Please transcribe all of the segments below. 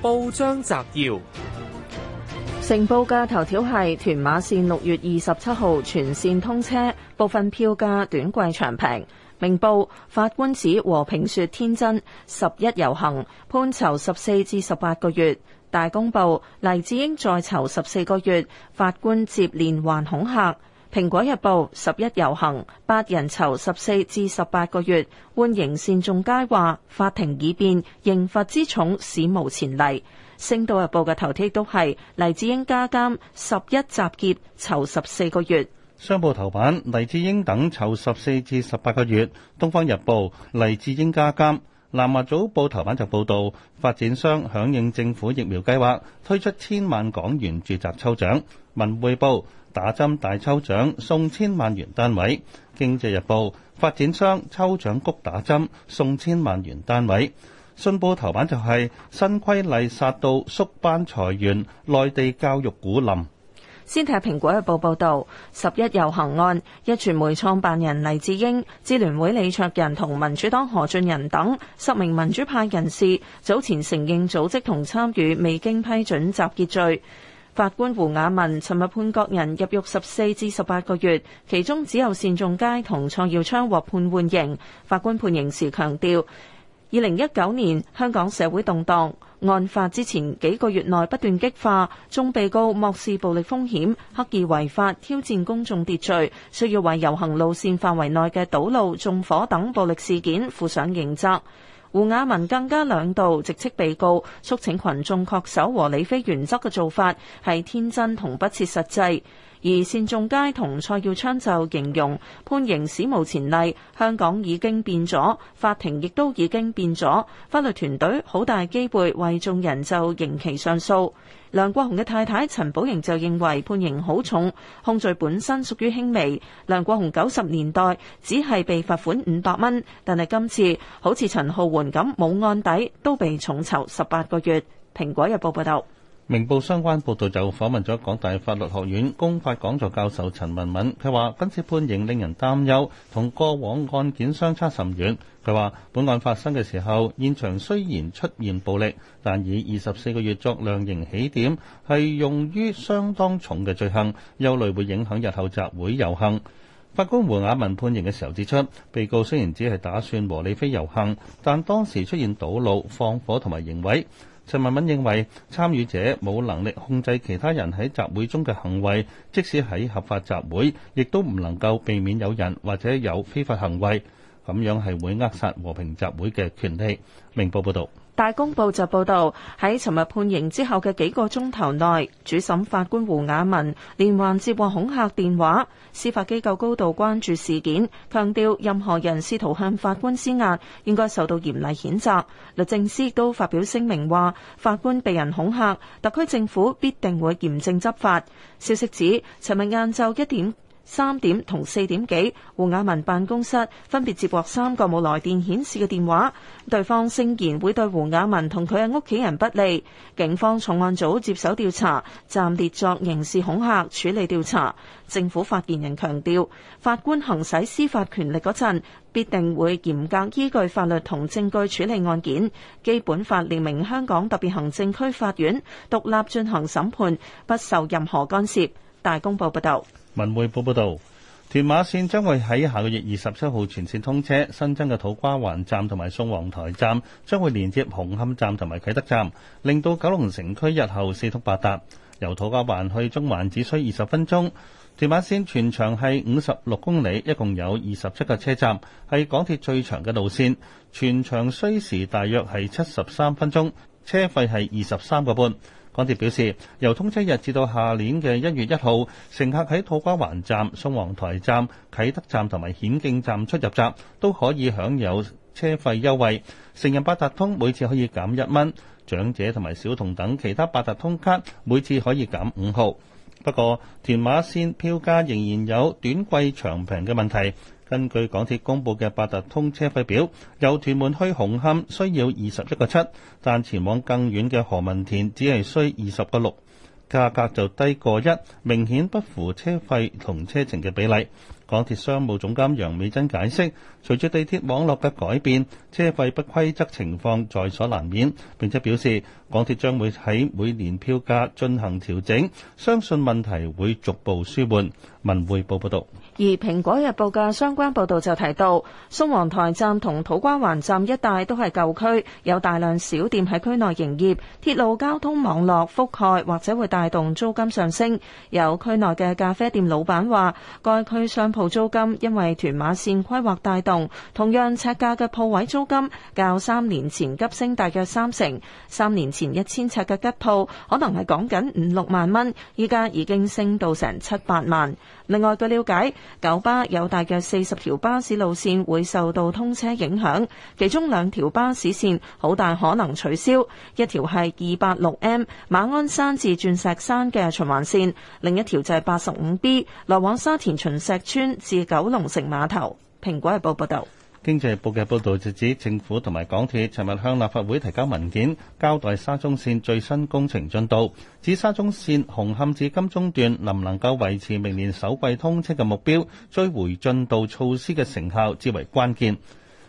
報章摘要：成報嘅頭條係：屯馬線六月二十七號全線通車，部分票價短貴長平。明報法官指和平說天真，十一遊行判囚十四至十八個月。大公報黎智英再囚十四個月，法官接連環恐嚇。蘋果日報十一遊行八人囚十四至十八個月，判刑善仲佳話，法庭已變，刑罰之重史無前例。星島日報嘅頭題都係黎智英加監十一集結囚十四個月。商報頭版黎智英等囚十四至十八個月，東方日報黎智英加監。南華早報頭版就報道，發展商響應政府疫苗計劃，推出千萬港元住宅抽獎。文匯報打針大抽獎送千萬元單位。經濟日報發展商抽獎谷打針送千萬元單位。信報頭版就係、是、新規例殺到縮班裁員，內地教育股冧。先睇《蘋果日報》報導，十一遊行案，壹傳媒創辦人黎智英、支聯會李卓人同民主黨何俊仁等十名民主派人士，早前承認組織同參與未經批准集結罪。法官胡雅文尋日判各人入獄十四至十八個月，其中只有單仲偕同蔡耀昌獲判緩刑。法官判刑時強調，二零一九年香港社會動盪，案發之前幾個月內不斷激化，眾被告漠視暴力風險，刻意違法挑戰公眾秩序，需要為遊行路線範圍內嘅堵路、縱火等暴力事件負上刑責。胡雅文更加兩度直斥被告，促請群眾確守和理非原則嘅做法係天真同不切實際。而單仲偕同蔡耀昌就形容判刑史無前例，香港已經變咗，法庭亦都已經變咗，法律團隊好大機會為眾人就刑期上訴。梁國雄嘅太太陳寶瑩就認為判刑好重，控罪本身屬於輕微。梁國雄九十年代只係被罰款五百蚊，但係今次好似陳皓桓咁冇案底，都被重囚十八個月。蘋果日報報道。明報相關報道就訪問咗港大法律學院公法講座教授陳文敏，佢話今次判刑令人擔憂，同過往案件相差甚遠。佢話本案發生嘅時候，現場雖然出現暴力，但以二十四個月作量刑起點，係用於相當重嘅罪行，憂慮會影響日後集會遊行。法官胡雅文判刑嘅時候指出，被告雖然只係打算和理非遊行，但當時出現堵路、放火同埋刑毀。陳文敏認為參與者冇能力控制其他人喺集會中嘅行為，即使喺合法集會，亦都唔能夠避免有人或者有非法行為，咁樣係會扼殺和平集會嘅權利。明報報道。大公報就報道，喺尋日判刑之後嘅幾個鐘頭內，主審法官胡雅文連環接獲恐嚇電話。司法機構高度關注事件，強調任何人試圖向法官施壓，應該受到嚴厲譴責。律政司亦都發表聲明話，法官被人恐嚇，特區政府必定會嚴正執法。消息指，尋日晏晝一點、三點同四點幾，胡雅文辦公室分別接獲三個冇來電顯示嘅電話，對方聲言會對胡雅文同佢嘅屋企人不利。警方重案組接手調查，暫列作刑事恐嚇處理調查。政府發言人強調，法官行使司法權力嗰陣必定會嚴格依據法律同證據處理案件。基本法列明香港特別行政區法院獨立進行審判，不受任何干涉。大公報報道。文匯報報道，屯馬綫將會喺下個月二十七號全綫通車，新增嘅土瓜灣站同埋宋皇台站將會連接紅磡站同埋啟德站，令到九龍城區日後四通八達。由土瓜灣去中環只需二十分鐘。屯馬綫全長係五十六公里，一共有二十七個車站，係港鐵最長嘅路綫，全長需時大約係七十三分鐘，車費係二十三個半。港鐵表示，由通車日至到下年嘅一月一號，乘客喺土瓜灣站、宋皇台站、啟德站同埋顯徑站出入閘都可以享有車費優惠。成人八達通每次可以減一蚊，長者同埋小童等其他八達通卡每次可以減五毫。不過，屯馬線票價仍然有短貴長平嘅問題。根據港鐵公佈嘅八達通車費表，由屯門去紅磡需要二十一個七，但前往更遠嘅何文田只係需二十個六，價格就低過一，明顯不符車費同車程嘅比例。港鐵商務總監楊美珍解釋，隨住地鐵網絡嘅改變，車費不規則情況在所難免。並且表示，港鐵將會喺每年票價進行調整，相信問題會逐步舒緩。文匯報報道。而《蘋果日報》嘅相關報道就提到，宋皇臺站同土瓜灣站一帶都係舊區，有大量小店喺區內營業，鐵路交通網絡覆蓋或者會帶動租金上升。有區內嘅咖啡店老闆話，該區商鋪。鋪租金因為屯馬綫規劃帶動，同樣尺價嘅鋪位租金較三年前急升大約三成。三年前一千尺嘅吉鋪可能係講緊五六萬蚊，依家已經升到成七八萬。另外據了解，九巴有大約四十條巴士路綫會受到通車影響，其中兩條巴士綫好大可能取消，一條係二八六 M 馬鞍山至鑽石山嘅循環綫，另一條就係八十五 B 來往沙田秦石村。至九龍城碼頭。蘋果日報經濟報道，經濟日報嘅報道就指，政府同埋港鐵尋日向立法會提交文件，交代沙中綫最新工程進度。指沙中綫紅磡至金鐘段能唔能夠維持明年首季通車嘅目標，追回進度措施嘅成效至為關鍵。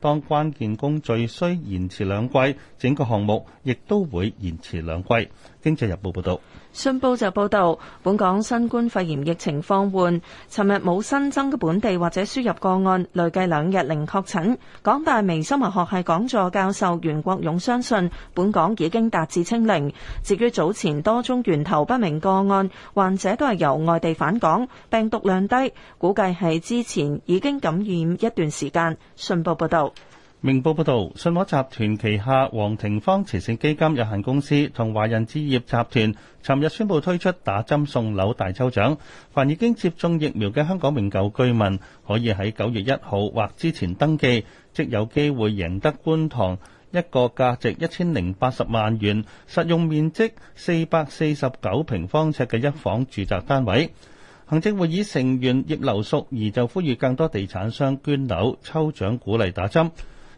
當關鍵工序需延遲兩季，整個項目亦都會延遲兩季。經濟日報報道，信報就報導，本港新冠肺炎疫情放緩，尋日冇新增嘅本地或者輸入個案，累計兩日零確診。港大微生物學系講座教授袁國勇相信，本港已經達至清零。至於早前多宗源頭不明個案，患者都係由外地返港，病毒量低，估計係之前已經感染一段時間。信報報道。明報報道，信和集團旗下黃庭芳慈善基金有限公司同華人置業集團尋日宣布推出打針送樓大抽獎，凡已經接種疫苗嘅香港永久居民，可以喺九月一號或之前登記，即有機會贏得觀塘一個價值一千零八十萬元、實用面積四百四十九平方尺嘅一房住宅單位。行政會議成員葉劉淑儀就呼籲更多地產商捐樓抽獎，鼓勵打針。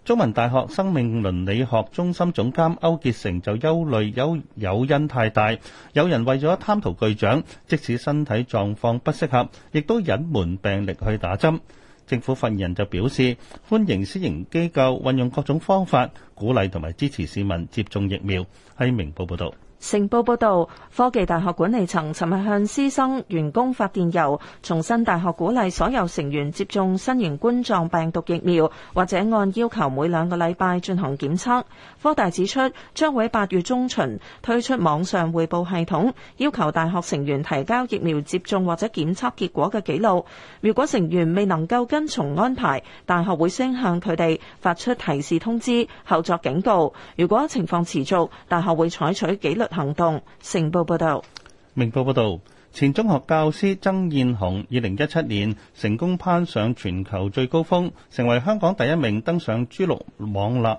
中文大學生命倫理學中心總監歐傑成就憂慮有有因太大，有人為咗貪圖巨獎，即使身體狀況不適合，亦都隱瞞病歷去打針。政府發言人就表示歡迎私營機構運用各種方法，鼓勵同埋支持市民接種疫苗。喺《明報》報道。成報報道，科技大學管理層尋日向師生員工發電郵，重申大學鼓勵所有成員接種新型冠狀病毒疫苗，或者按要求每兩個禮拜進行檢測。科大指出，將會喺八月中旬推出網上匯報系統，要求大學成員提交疫苗接種或者檢測結果嘅紀錄。如果成員未能夠跟從安排，大學會先向佢哋發出提示通知，後作警告。如果情況持續，大學會採取紀律。行動，成報報道，明報報道，前中學教師曾燕紅，二零一七年成功攀上全球最高峰，成為香港第一名登上珠穆朗瑪。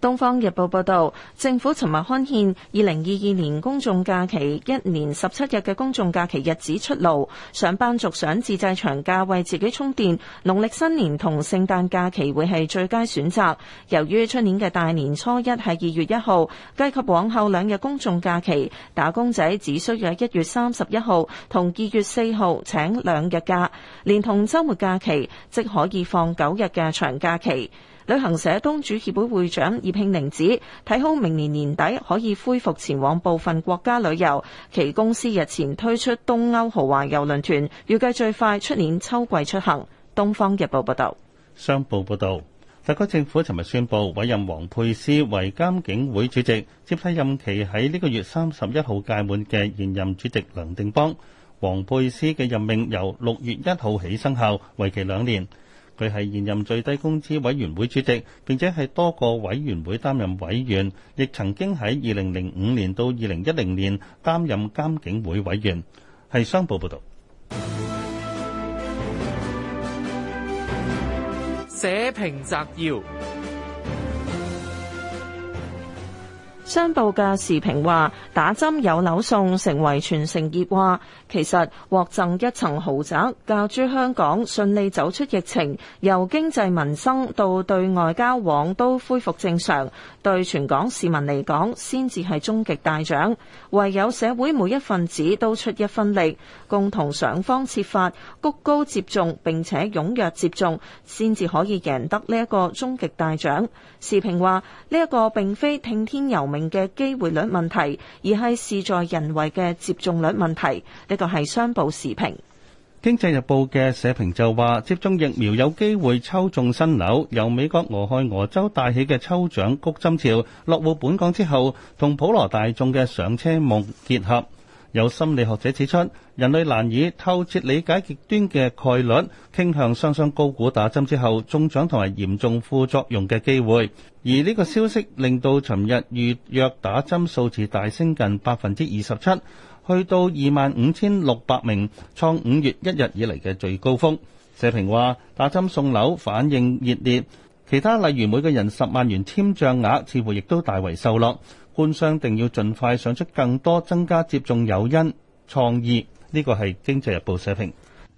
《東方日報》報道，政府尋日刊憲，二零二二年公眾假期一年十七日嘅公眾假期日子出爐，上班族想自製長假為自己充電，農曆新年同聖誕假期會係最佳選擇。由於出年嘅大年初一係二月一號，計及往後兩日公眾假期，打工仔只需要一月三十一號同二月四號請兩日假，連同周末假期，即可以放九日嘅長假期。旅行社東主協會會長葉慶寧指，睇好明年年底可以恢復前往部分國家旅遊，其公司日前推出東歐豪華郵輪團，預計最快出年秋季出行。東方日報報道，商報報道，特區政府尋日宣布委任黃佩斯為監警會主席，接替任期喺呢個月三十一號屆滿嘅現任主席梁定邦。黃佩斯嘅任命由六月一號起生效，為期兩年。佢係現任最低工資委員會主席，並且係多個委員會擔任委員，亦曾經喺二零零五年到二零一零年擔任監警會委員。係商報報道。社評摘要。商報嘅時評話，打針有樓送成為全城熱話。其實獲贈一層豪宅，教諸香港順利走出疫情，由經濟民生到對外交往都恢復正常，對全港市民嚟講先至係終極大獎。唯有社會每一份子都出一分力，共同想方設法，谷高接種並且踴躍接種，先至可以贏得呢一個終極大獎。時評話，呢一個並非聽天由命。嘅機會率問題，而係事在人為嘅接種率問題。呢個係商報時評，《經濟日報》嘅社評就話：接種疫苗有機會抽中新樓，由美國俄亥俄州帶起嘅抽獎谷針潮，落戶本港之後，同普羅大眾嘅上車夢結合。有心理學者指出，人類難以透徹理解極端嘅概率傾向，雙雙高估打針之後中獎同埋嚴重副作用嘅機會。而呢個消息令到尋日預約打針數字大升近百分之二十七，去到二萬五千六百名，創五月一日以嚟嘅最高峰。社評話：打針送樓反應熱烈。其他例如每個人十萬元簽賬額似乎亦都大為受落。官商定要盡快想出更多增加接種誘因創意，呢個係經濟日報社評。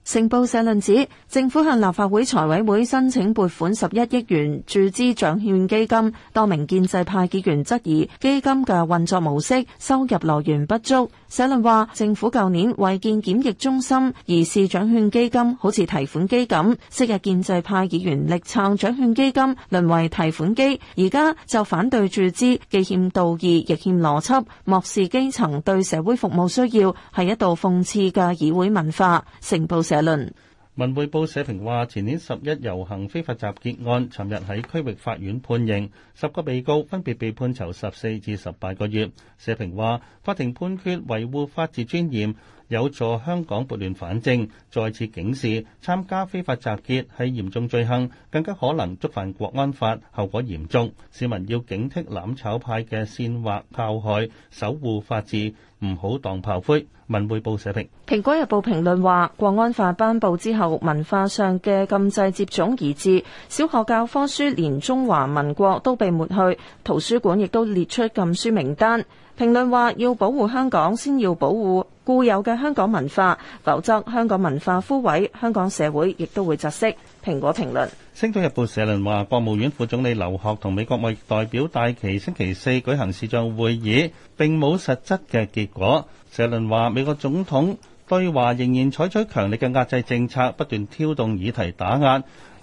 成報社論指，政府向立法會財委會申請撥款十一億元注資獎券基金，多名建制派議員質疑基金嘅運作模式，收入來源不足。社論話，政府舊年為建檢疫中心而視獎券基金好似提款機咁，昔日建制派議員力撐獎券基金淪為提款機，而家就反對注資，既欠道義亦欠邏輯，漠視基層對社會服務需要，係一度諷刺嘅議會文化。成報社論。文匯報社評話：前年十一遊行非法集結案，尋日喺區域法院判刑，十個被告分別被判囚十四至十八個月。社評話：法庭判決維護法治尊嚴。有助香港撥亂反正，再次警示參加非法集結係嚴重罪行，更加可能觸犯國安法，後果嚴重。市民要警惕攬炒派嘅煽惑炮害，守護法治，唔好當炮灰。文匯報社評。蘋果日報評論話，國安法頒布之後，文化上嘅禁制接踵而至，小學教科書連中華民國都被抹去，圖書館亦都列出禁書名單。評論話要保護香港，先要保護固有嘅香港文化，否則香港文化枯萎，香港社會亦都會窒息。蘋果評論，《星島日報》社論話，國務院副總理劉鶴同美國貿易代表戴琪星期四舉行視像會議，並冇實質嘅結果。社論話，美國總統對華仍然採取強力嘅壓制政策，不斷挑動議題打壓。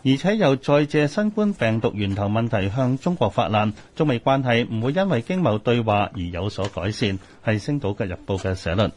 而且又再借新冠病毒源頭問題向中國發難，中美關係唔會因為經貿對話而有所改善，係《星島日報》嘅社論。